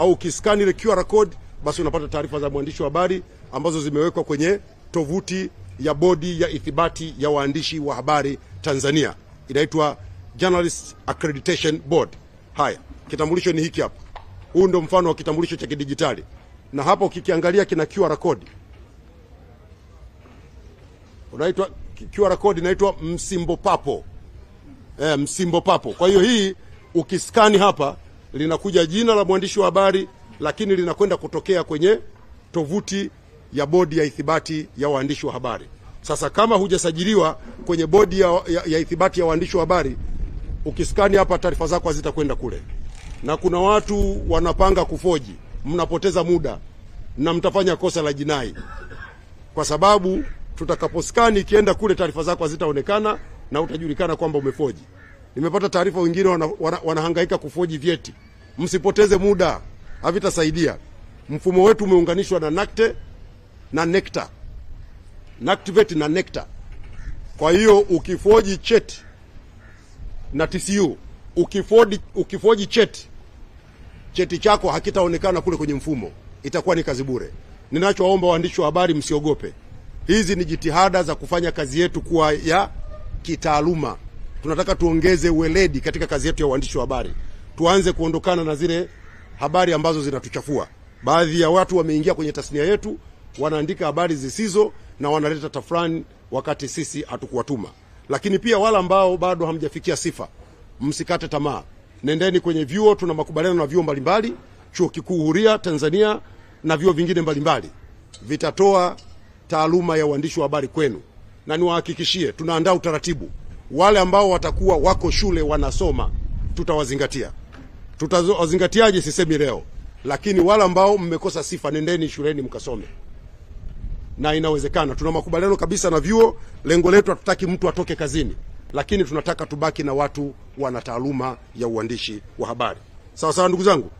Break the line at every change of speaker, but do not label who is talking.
au ukiskani ile QR code, basi unapata taarifa za mwandishi wa habari ambazo zimewekwa kwenye tovuti ya bodi ya ithibati ya waandishi wa habari Tanzania, inaitwa Journalist Accreditation Board. Haya, kitambulisho ni hiki hapa. Huu ndo mfano wa kitambulisho cha kidijitali, na hapa ukikiangalia kina QR code unaitwa QR code inaitwa msimbo papo, e, eh, msimbo papo. Kwa hiyo hii ukiskani hapa linakuja jina la mwandishi wa habari, lakini linakwenda kutokea kwenye tovuti ya bodi ya ithibati ya waandishi wa habari. Sasa kama hujasajiliwa kwenye bodi ya, ya, ya ithibati ya waandishi wa habari, ukiskani hapa taarifa zako hazitakwenda kule, na kuna watu wanapanga kufoji, mnapoteza muda na mtafanya kosa la jinai, kwa sababu tutakaposkani ikienda kule, taarifa zako hazitaonekana na utajulikana kwamba umefoji. Nimepata taarifa wengine wana, wana, wanahangaika kufoji vyeti. Msipoteze muda, havitasaidia. Mfumo wetu umeunganishwa na NACTE na NECTA, NACTVET na NECTA. Kwa hiyo ukifoji cheti na TCU ukifoji, ukifoji cheti cheti chako hakitaonekana kule kwenye mfumo, itakuwa ni kazi bure. Ninachoomba waandishi wa habari, msiogope. Hizi ni jitihada za kufanya kazi yetu kuwa ya kitaaluma tunataka tuongeze weledi katika kazi yetu ya uandishi wa habari, tuanze kuondokana na zile habari ambazo zinatuchafua. Baadhi ya watu wameingia kwenye tasnia yetu, wanaandika habari zisizo na wanaleta tafrani, wakati sisi hatukuwatuma. Lakini pia wale ambao bado hamjafikia sifa, msikate tamaa, nendeni kwenye vyuo. Tuna makubaliano na vyuo mbalimbali, chuo kikuu huria Tanzania na vyuo vingine mbalimbali, vitatoa taaluma ya uandishi wa habari kwenu, na niwahakikishie tunaandaa utaratibu wale ambao watakuwa wako shule wanasoma, tutawazingatia. Tutawazingatiaje? Sisemi leo, lakini wale ambao mmekosa sifa, nendeni shuleni mkasome, na inawezekana. Tuna makubaliano kabisa na vyuo. Lengo letu hatutaki mtu atoke kazini, lakini tunataka tubaki na watu wana taaluma ya uandishi wa habari. Sawa sawa, ndugu zangu.